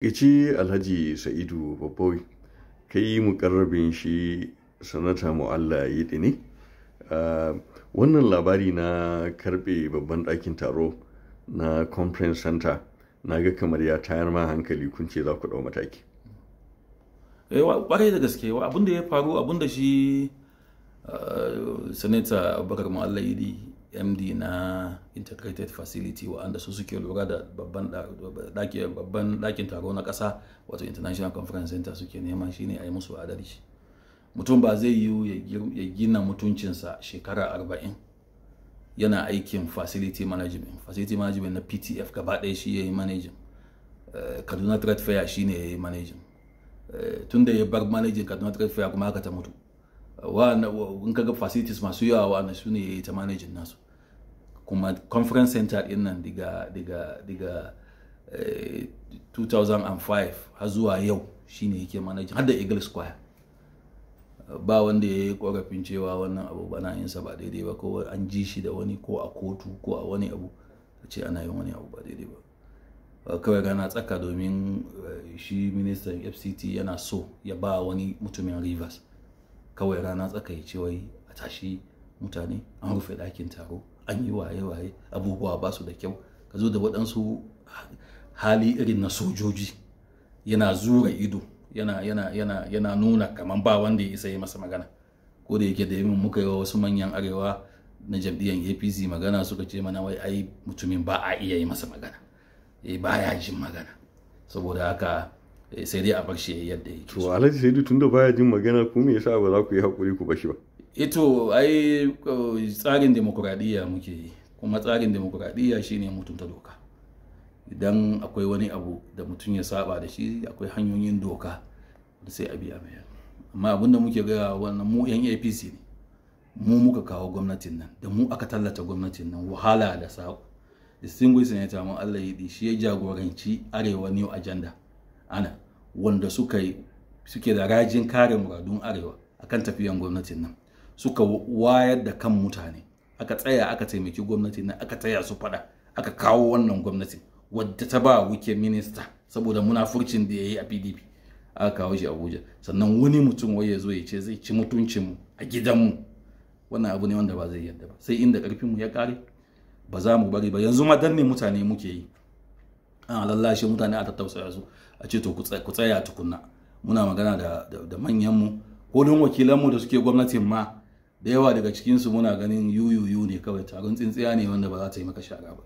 Ici Alhaji Sa'idu Babboi kai mukarrabin shi sanata mu'alla yiɗi ne. Ah, wannan labari na karɓe babban ɗakin taro na conference center na ga kamar ya tayar ma hankali kun ce za ku ɗau mataki. Eh, ƙwarai da gaske abinda ya faru abinda shi ah, sanata abubakar mu'alla yiɗi md na integrated facility wa'anda su suke lura da babban ɗakin taro na ƙasa wato international conference center suke nema shine a yi musu adalci mutum ba zai yi ya gina mutuncinsa shekara arba'in yana aikin facility management facility management na ptf gaba ɗaya shi ya yi managing eh, kaduna trade fair shi ne ya yi managing eh, tun da ya bar managing kaduna trade fair kuma haka ta mutu in kaga facilities masu yawa wa su ne ta manajin nasu kuma conference center din nan diga diga eh, 2005 har zuwa yau shine yake manajin har da eagle square ba wanda ya yi korafin cewa wannan abu bana yin sa ba daidai ba ko an ji shi da wani ko a kotu ko a wani abu a ce ana yin wani abu ba daidai ba kawai gana tsaka domin eh, shi ministan fct yana so ya ba wani mutumin rivers kawai rana tsaka wai a tashi mutane an rufe ɗakin taro an yi waye-waye abubuwa ba su da kyau ka zo da waɗansu hali irin na sojoji yana zura ido yana yana nuna kamar ba wanda ya isa yi masa magana ko da yake da yamin muka yi wa wasu manyan arewa na jam'iyyar apc magana suka ce mana wai ai mutumin ba a iya yi masa magana e eh, baya jin magana saboda haka Eh, sai dai a bar shi yadda yake to alhaji sai tunda baya jin magana ku me yasa ba za ku yi hakuri ku bashi ba ito eh, ai tsarin demokuraɗiyya muke yi kuma tsarin demokuraɗiyya shine mutunta doka idan akwai wani abu da mutum ya saba da shi akwai hanyoyin doka da sai a biya mai amma abin da muke gaya wannan mu yan apc ne mu muka kawo gwamnatin nan da mu aka tallata gwamnatin nan wahala da sako distinguished ta mun allah yi shi ya jagoranci arewa new agenda ana wanda suka yi suke da rajin kare muradun arewa akan tafiyan gwamnatin nan suka wayar da kan mutane aka tsaya aka taimaki gwamnatin nan aka taya su fada aka kawo wannan gwamnatin wadda ta ba wike minista saboda munafurcin da ya yi a pdp aka kawo shi abuja sannan wani mutum waye zo ya ce zai ci mutuncinmu a gidanmu wannan abu ne wanda ba zai yadda ba sai inda mu ya kare ba za mu bari ba yanzu ma ne mutane muke yi an lallashe mutane a tattausaya su a ce to ku tsaya tukunna muna magana da manyanmu ko don wakilanmu da suke gwamnatin ma da yawa daga cikinsu muna ganin yuyuyu ne kawai taron tsintsiya ne wanda ba za ta yi maka shara ba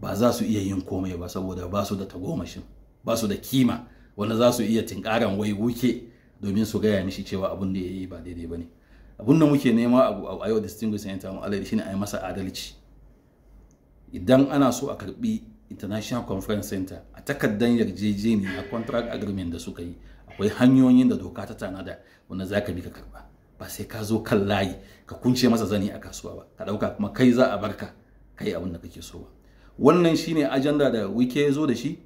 ba za su iya yin komai ba saboda ba su da tagomashin ba su da kima wanda za su iya tinkaran wai wuke domin su gaya mishi cewa abin da ya yi ba daidai ba ne abun da muke nema a yau distinguished senator mu alai shine a yi masa adalci idan ana so a karbi international conference center a takardar yarjejeniya contract agreement da suka yi akwai hanyoyin da doka ta tanada wanda za ka bi ka karba ba sai ka zo kan layi ka kunce masa zani a kasuwa ba ka dauka kuma kai za a barka kai abin da kake so ba wannan shine ajanda da wike ya zo da shi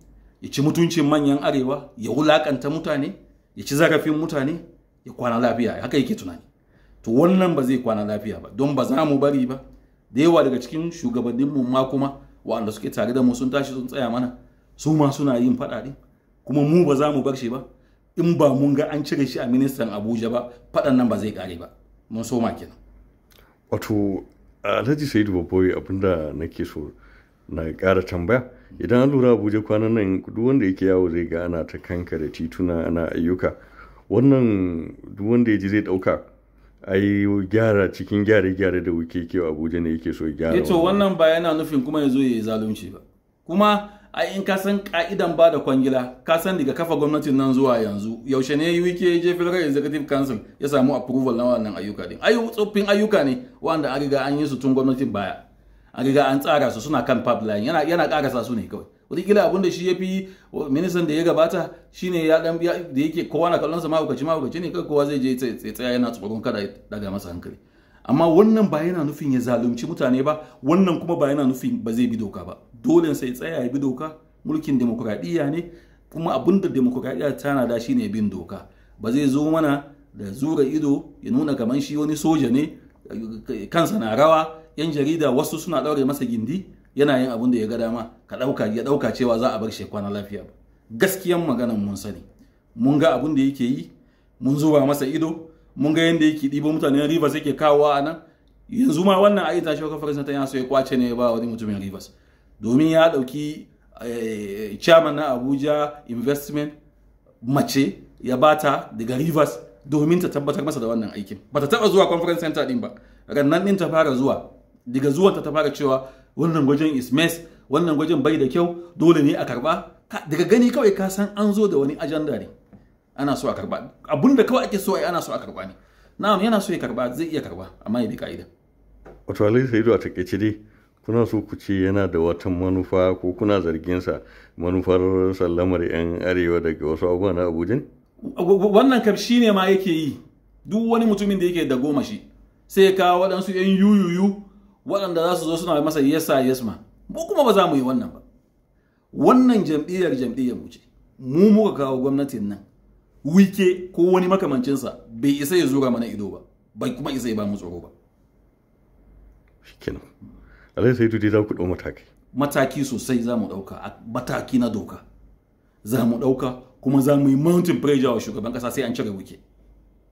ya ci mutuncin manyan arewa ya wulakanta mutane ya ci zarafin mutane ya kwana lafiya haka yake tunani to wannan ba zai kwana lafiya ba don ba za mu bari ba da yawa daga cikin shugabanninmu ma kuma wanda suke tare da mu sun tashi sun tsaya mana su ma suna yin faɗa ɗin kuma mu ba za mu bar shi ba in ba mun ga an cire shi a ministan abuja ba faɗan nan ba zai kare ba mun so ma kenan wato alhaji sayidu babboyi abinda nake so na ƙara tambaya idan an lura abuja kwanan nan duk wanda yake yawo zai ga ana ta kanka da tituna ana ayyuka wannan duk wanda ya ji zai ɗauka ai gyara cikin gyare-gyare da wuke kewa abuja ne yake so gyara ito eh wannan ba yana nufin kuma ya zo ya yi zalunci ba kuma ai in ka san ka'idan ba da kwangila ka san daga kafa gwamnatin nan zuwa yanzu yaushe ne UK je Federal Executive Council ya samu approval na wannan ayyuka din ayu tsoffin ayyuka ne wanda an riga an yi su tun gwamnatin baya an riga an tsara su suna kan pipeline yana yana karasa su ne kawai wataƙila abin da shi ya fi ministan da ya gabata shine ya dan da yake kowa na kallonsa mahaukaci mahaukaci ne kai kowa zai je tsaya yana tsoron kada ya daga masa hankali amma wannan ba yana nufin ya zalunci mutane ba wannan kuma ba yana nufin ba zai bi doka ba dole sai tsaya ya bi doka mulkin demokuraɗiyya ne kuma abin da demokuraɗiyya tana da shine bin doka ba zai zo mana da zura ido ya nuna kamar shi wani soja ne kansa na rawa yan jarida wasu suna ɗaure masa gindi yana yin abin da ya ga dama ka ɗauka ya dauka cewa za a bar shi kwana lafiya gaskiyan maganan mun sani mun ga abin da yake yi mun zuba masa ido mun ga yadda yake dibo mutanen rivers yake kawo a nan yanzu ma wannan a ita shoka farisa ta yaso ya kwace ne ba wani mutumin rivers domin ya dauki eh, chairman na abuja investment mace ya bata daga rivers domin ta tabbatar masa da wannan aikin ba ta taɓa zuwa conference center din ba rannan din ta fara zuwa daga zuwan ta fara cewa wannan gwajin is mess wannan gwajin bai da kyau dole ne a karba daga gani kawai ka san an zo da wani ajanda ne ana so a karba abun da kawai ake so ai ana so a karba ne na'am yana so ya karba zai iya karba amma ya bi ka'ida wato alai sai a takeice dai kuna so ku ce yana da wata manufa ko kuna zargin sa manufar sallamar yan arewa daga wasu abubuwa na Abuja ne wannan kam shine ma yake yi duk wani mutumin da yake da goma shi sai ya kawo waɗansu yan yuyuyu waɗanda za su zo suna masa yasa yasma mu kuma ba za mu yi wannan ba wannan jam'iyyar jam'iyyar mu ce mu muka kawo gwamnatin nan wike ko wani makamancinsa bai isa ya zura mana ido ba bai kuma isa ya ba mu tsoro ba shikenan alai sai tudi za ku ɗau mataki mataki sosai za mu ɗauka a mataki na doka za mu ɗauka kuma za mu yi mountain pressure wa shugaban ƙasa sai an cire wike